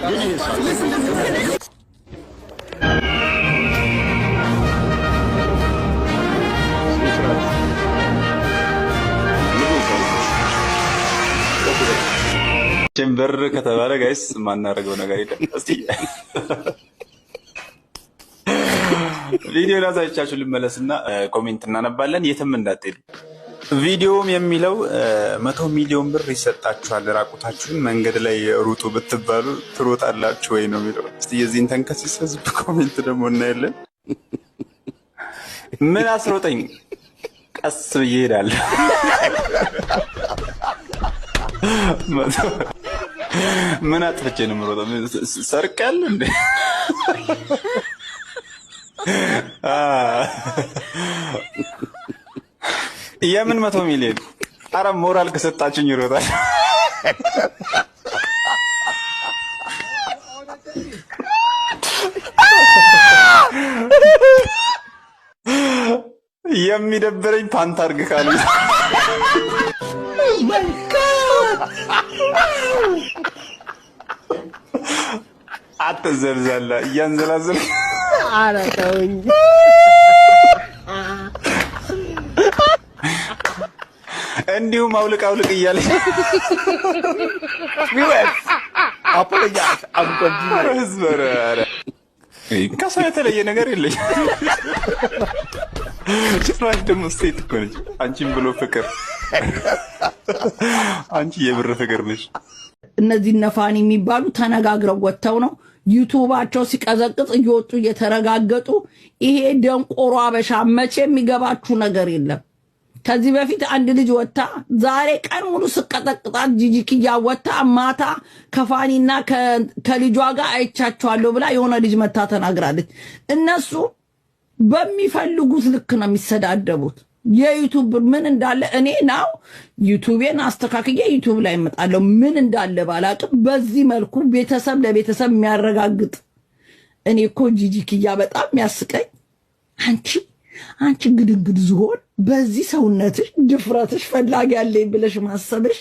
ቼምበር ከተባለ ጋይስ የማናደርገው ነገር የለም። እስኪ ቪዲዮ ላሳይቻችሁ ልመለስና ኮሜንት እናነባለን። የትም እንዳትሄዱ። ቪዲዮም የሚለው መቶ ሚሊዮን ብር ይሰጣችኋል፣ ራቁታችሁን መንገድ ላይ ሩጡ ብትባሉ ትሮጣላችሁ ወይ ነው የሚለው። እስኪ የዚህን ተንከሲስ ህዝብ ኮሜንት ደግሞ እናያለን። ምን አስሮጠኝ? ቀስ ብዬ እሄዳለሁ። ምን አጥፍቼ ነው የምሮጠው? ያለ እንዴ የምን መቶ ሚሊዮን? አረ ሞራል ከሰጣችሁኝ ይሮጣል። የሚደብረኝ ፓንት አድርግ ካሉ አትዘልዛላ እያንዘላዘል አረ ተውኝ። እንዲሁም አውልቅ አውልቅ እያለ ከሷ የተለየ ነገር የለኝ። ጭራሽ ደግሞ ሴት እኮ ነች። አንቺን ብሎ ፍቅር፣ አንቺ የብር ፍቅር ነች። እነዚህ ነፋን የሚባሉ ተነጋግረው ወጥተው ነው ዩቱባቸው ሲቀዘቅዝ እየወጡ እየተረጋገጡ። ይሄ ደንቆሮ አበሻ መቼ የሚገባችሁ ነገር የለም። ከዚህ በፊት አንድ ልጅ ወታ ዛሬ ቀን ሙሉ ስቀጠቅጣት ጂጂክያ ወታ ማታ ከፋኒና ከልጇ ጋር አይቻቸዋለሁ ብላ የሆነ ልጅ መታ ተናግራለች። እነሱ በሚፈልጉት ልክ ነው የሚሰዳደቡት። የዩቱብ ምን እንዳለ እኔ ናው ዩቱቤን አስተካክዬ ዩቱብ ላይ እመጣለሁ። ምን እንዳለ ባላቅም በዚህ መልኩ ቤተሰብ ለቤተሰብ የሚያረጋግጥ እኔ እኮ ጂጂክያ በጣም የሚያስቀኝ አንቺ አንቺ ግድግድ ዝሆን በዚህ ሰውነትሽ ድፍረትሽ ፈላጊ ያለኝ ብለሽ ማሰብሽ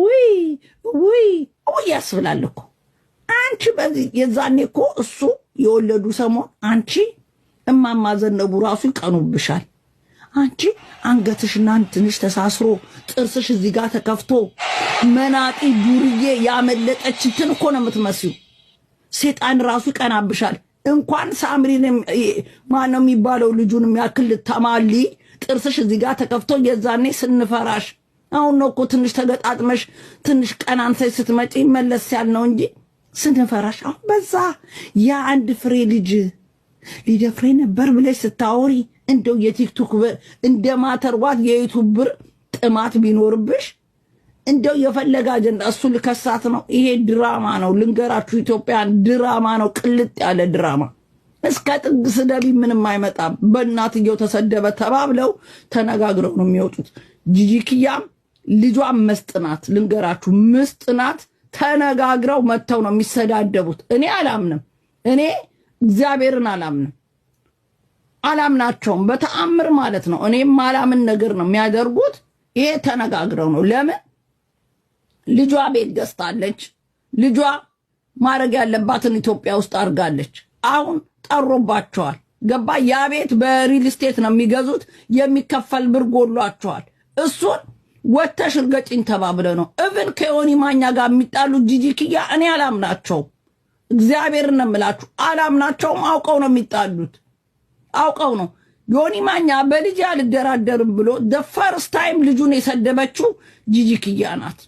ውይ ውይ ውይ ያስብላል እኮ አንቺ በዚህ የዛኔ እኮ እሱ የወለዱ ሰሞን አንቺ እማማ ዘነቡ ራሱ ይቀኑብሻል። አንቺ አንገትሽና እንትንሽ ተሳስሮ ጥርስሽ እዚህ ጋር ተከፍቶ መናጢ ዱርዬ ያመለጠች እንትን እኮ ነው የምትመስዩ። ሴጣን ራሱ ይቀናብሻል። እንኳን ሳምሪን ማነው የሚባለው ልጁን የሚያክል ተማሊ ጥርስሽ እዚህ ጋር ተከፍቶ የዛኔ ስንፈራሽ አሁን ነው እኮ ትንሽ ተገጣጥመሽ ትንሽ ቀናንሰሽ ስትመጪ መለስ ያል ነው እንጂ ስንፈራሽ አሁን በዛ የአንድ ፍሬ ልጅ ሊደፍሬ ነበር ብለሽ ስታወሪ እንደው የቲክቶክ እንደ ማተርዋት የዩቱብ ብር ጥማት ቢኖርብሽ እንደው የፈለገ አጀንዳ እሱ ልከሳት ነው። ይሄ ድራማ ነው፣ ልንገራችሁ ኢትዮጵያን፣ ድራማ ነው፣ ቅልጥ ያለ ድራማ። እስከ ጥግ ስደቢ ምንም አይመጣም። በእናትየው ተሰደበ ተባብለው ተነጋግረው ነው የሚወጡት። ጂጂክያም ልጇን መስጥናት፣ ልንገራችሁ ምስጥናት፣ ተነጋግረው መጥተው ነው የሚሰዳደቡት። እኔ አላምንም፣ እኔ እግዚአብሔርን አላምንም፣ አላምናቸውም በተአምር ማለት ነው። እኔም አላምን ነገር ነው የሚያደርጉት። ይሄ ተነጋግረው ነው ለምን ልጇ ቤት ገዝታለች። ልጇ ማድረግ ያለባትን ኢትዮጵያ ውስጥ አድርጋለች። አሁን ጠሮባቸዋል። ገባ ያ ቤት በሪል ስቴት ነው የሚገዙት። የሚከፈል ብር ጎሏቸዋል። እሱን ወተሽ እርገጭኝ ተባብለ ነው እብን ከዮኒ ማኛ ጋር የሚጣሉት ጂጂ ክያ እኔ አላምናቸውም። እግዚአብሔር ነው የምላችሁ፣ አላምናቸውም። አውቀው ነው የሚጣሉት፣ አውቀው ነው። ዮኒ ማኛ በልጅ አልደራደርም ብሎ ደፈርስ ታይም ልጁን የሰደበችው ጂጂ ክያ ናት።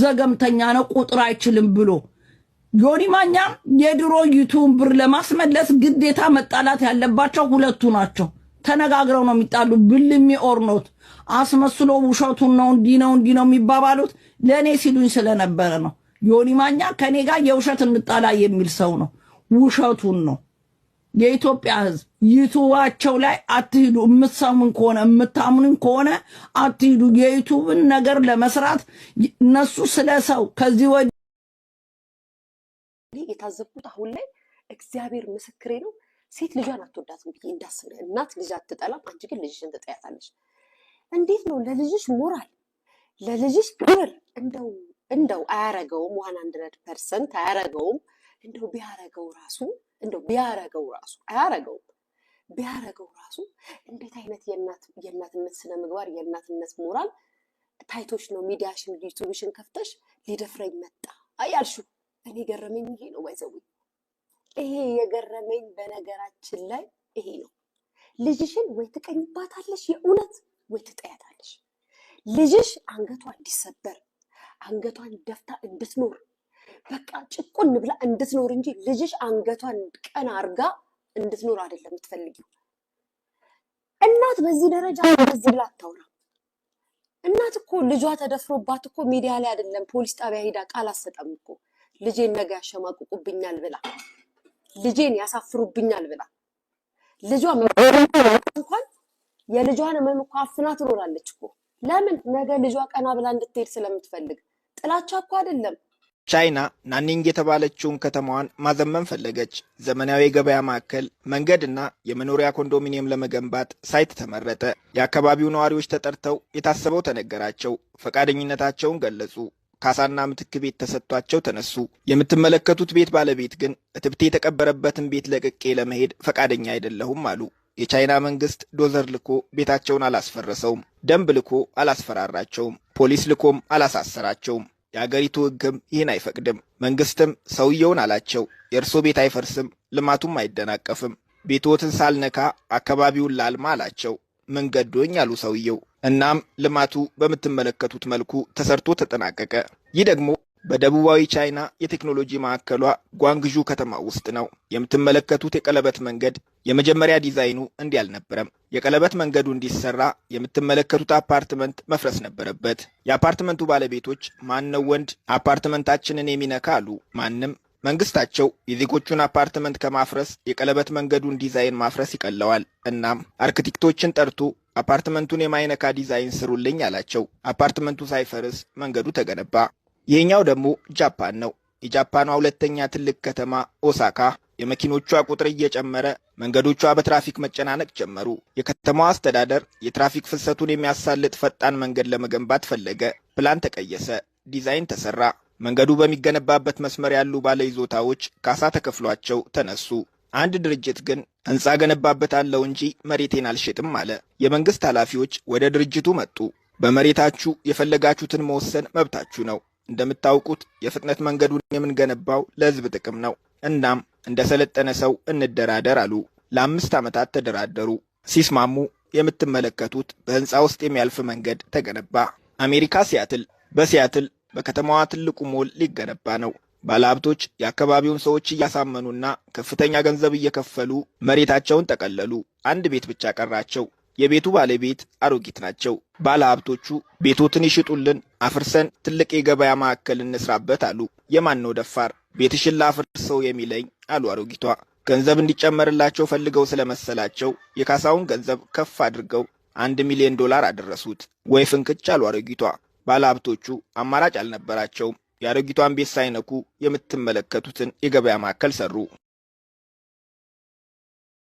ዘገምተኛ ነው ቁጥር አይችልም ብሎ ዮኒ ማኛም የድሮ ዩቱብ ብር ለማስመለስ ግዴታ መጣላት ያለባቸው ሁለቱ ናቸው። ተነጋግረው ነው የሚጣሉ። ብልሚ ኦርኖት አስመስሎ ውሸቱን ነው እንዲ ነው እንዲ ነው የሚባባሉት። ለእኔ ሲሉኝ ስለነበረ ነው። ዮኒ ማኛ ከኔ ጋር የውሸት እንጣላ የሚል ሰው ነው። ውሸቱን ነው የኢትዮጵያ ህዝብ ዩቱባቸው ላይ አትሂዱ። የምትሰሙን ከሆነ የምታምኑን ከሆነ አትሂዱ። የዩቱብን ነገር ለመስራት እነሱ ስለ ሰው ከዚህ ወ የታዘብኩት አሁን ላይ እግዚአብሔር ምስክሬ ነው። ሴት ልጇን አትወዳትም ብዬ እንዳስብ እናት ልጅ አትጠላም፣ አንቺ ግን ልጅሽን ትጠያታለች። እንዴት ነው ለልጅሽ ሞራል ለልጅሽ ክብር እንደው እንደው አያረገውም ዋን አንድረድ ፐርሰንት አያረገውም። እንደው ቢያረገው ራሱ እንደው ቢያረገው ራሱ አያረገው ቢያረገው ራሱ እንዴት አይነት የእናትነት ስነ ምግባር የእናትነት ሞራል ታይቶች ነው። ሚዲያሽን ዩቱብሽን ከፍተሽ ሊደፍረኝ መጣ አያልሹ እኔ ገረመኝ ይሄ ነው ባይዘዊ ይሄ የገረመኝ በነገራችን ላይ ይሄ ነው። ልጅሽን ወይ ትቀኝባታለሽ የእውነት ወይ ትጠያታለሽ። ልጅሽ አንገቷ እንዲሰበር አንገቷን ደፍታ እንድትኖር በቃ ጭቁን ብላ እንድትኖር እንጂ ልጅሽ አንገቷን ቀና አርጋ እንድትኖር አይደለም የምትፈልጊ። እናት በዚህ ደረጃ በዚህ ብላ አታውራ። እናት እኮ ልጇ ተደፍሮባት እኮ ሚዲያ ላይ አይደለም ፖሊስ ጣቢያ ሄዳ ቃል አሰጠም እኮ ልጄን ነገ ያሸማቅቁብኛል ብላ ልጄን ያሳፍሩብኛል ብላ ልጇ እንኳን የልጇን ህመም እኮ አፍና ትኖራለች እኮ። ለምን? ነገ ልጇ ቀና ብላ እንድትሄድ ስለምትፈልግ። ጥላቻ እኮ አይደለም። ቻይና ናኒንግ የተባለችውን ከተማዋን ማዘመን ፈለገች። ዘመናዊ የገበያ ማዕከል፣ መንገድና የመኖሪያ ኮንዶሚኒየም ለመገንባት ሳይት ተመረጠ። የአካባቢው ነዋሪዎች ተጠርተው የታሰበው ተነገራቸው። ፈቃደኝነታቸውን ገለጹ። ካሳና ምትክ ቤት ተሰጥቷቸው ተነሱ። የምትመለከቱት ቤት ባለቤት ግን እትብቴ የተቀበረበትን ቤት ለቅቄ ለመሄድ ፈቃደኛ አይደለሁም አሉ። የቻይና መንግስት ዶዘር ልኮ ቤታቸውን አላስፈረሰውም። ደንብ ልኮ አላስፈራራቸውም። ፖሊስ ልኮም አላሳሰራቸውም። የአገሪቱ ህግም ይህን አይፈቅድም። መንግስትም ሰውየውን አላቸው፣ የእርሶ ቤት አይፈርስም፣ ልማቱም አይደናቀፍም፣ ቤትዎትን ሳልነካ አካባቢውን ላልማ አላቸው። ምን ገዶኝ አሉ ሰውየው። እናም ልማቱ በምትመለከቱት መልኩ ተሰርቶ ተጠናቀቀ። ይህ ደግሞ በደቡባዊ ቻይና የቴክኖሎጂ ማዕከሏ ጓንግዡ ከተማ ውስጥ ነው። የምትመለከቱት የቀለበት መንገድ የመጀመሪያ ዲዛይኑ እንዲህ አልነበረም። የቀለበት መንገዱ እንዲሰራ የምትመለከቱት አፓርትመንት መፍረስ ነበረበት። የአፓርትመንቱ ባለቤቶች ማነው ወንድ አፓርትመንታችንን የሚነካ አሉ። ማንም መንግስታቸው የዜጎቹን አፓርትመንት ከማፍረስ የቀለበት መንገዱን ዲዛይን ማፍረስ ይቀለዋል። እናም አርክቴክቶችን ጠርቶ አፓርትመንቱን የማይነካ ዲዛይን ስሩልኝ አላቸው። አፓርትመንቱ ሳይፈርስ መንገዱ ተገነባ። ይህኛው ደግሞ ጃፓን ነው። የጃፓኗ ሁለተኛ ትልቅ ከተማ ኦሳካ የመኪኖቿ ቁጥር እየጨመረ መንገዶቿ በትራፊክ መጨናነቅ ጀመሩ። የከተማዋ አስተዳደር የትራፊክ ፍሰቱን የሚያሳልጥ ፈጣን መንገድ ለመገንባት ፈለገ። ፕላን ተቀየሰ፣ ዲዛይን ተሰራ። መንገዱ በሚገነባበት መስመር ያሉ ባለይዞታዎች ካሳ ተከፍሏቸው ተነሱ። አንድ ድርጅት ግን ሕንፃ ገነባበታለሁ እንጂ መሬቴን አልሸጥም አለ። የመንግስት ኃላፊዎች ወደ ድርጅቱ መጡ። በመሬታችሁ የፈለጋችሁትን መወሰን መብታችሁ ነው። እንደምታውቁት የፍጥነት መንገዱን የምንገነባው ለሕዝብ ጥቅም ነው። እናም እንደሰለጠነ ሰው እንደራደር አሉ። ለአምስት ዓመታት ተደራደሩ። ሲስማሙ የምትመለከቱት በህንፃ ውስጥ የሚያልፍ መንገድ ተገነባ። አሜሪካ ሲያትል። በሲያትል በከተማዋ ትልቁ ሞል ሊገነባ ነው። ባለሀብቶች የአካባቢውን ሰዎች እያሳመኑና ከፍተኛ ገንዘብ እየከፈሉ መሬታቸውን ጠቀለሉ። አንድ ቤት ብቻ ቀራቸው። የቤቱ ባለቤት አሮጊት ናቸው። ባለሀብቶቹ ቤቶትን ይሽጡልን፣ አፍርሰን ትልቅ የገበያ ማዕከል እንስራበት አሉ። የማን ነው ደፋር? ቤትሽን ላፍርሰው የሚለኝ አሉ አሮጊቷ። ገንዘብ እንዲጨመርላቸው ፈልገው ስለመሰላቸው የካሳውን ገንዘብ ከፍ አድርገው አንድ ሚሊዮን ዶላር አደረሱት። ወይ ፍንክች አሉ አሮጊቷ። ባለሀብቶቹ አማራጭ አልነበራቸውም። የአሮጊቷን ቤት ሳይነኩ የምትመለከቱትን የገበያ ማዕከል ሰሩ።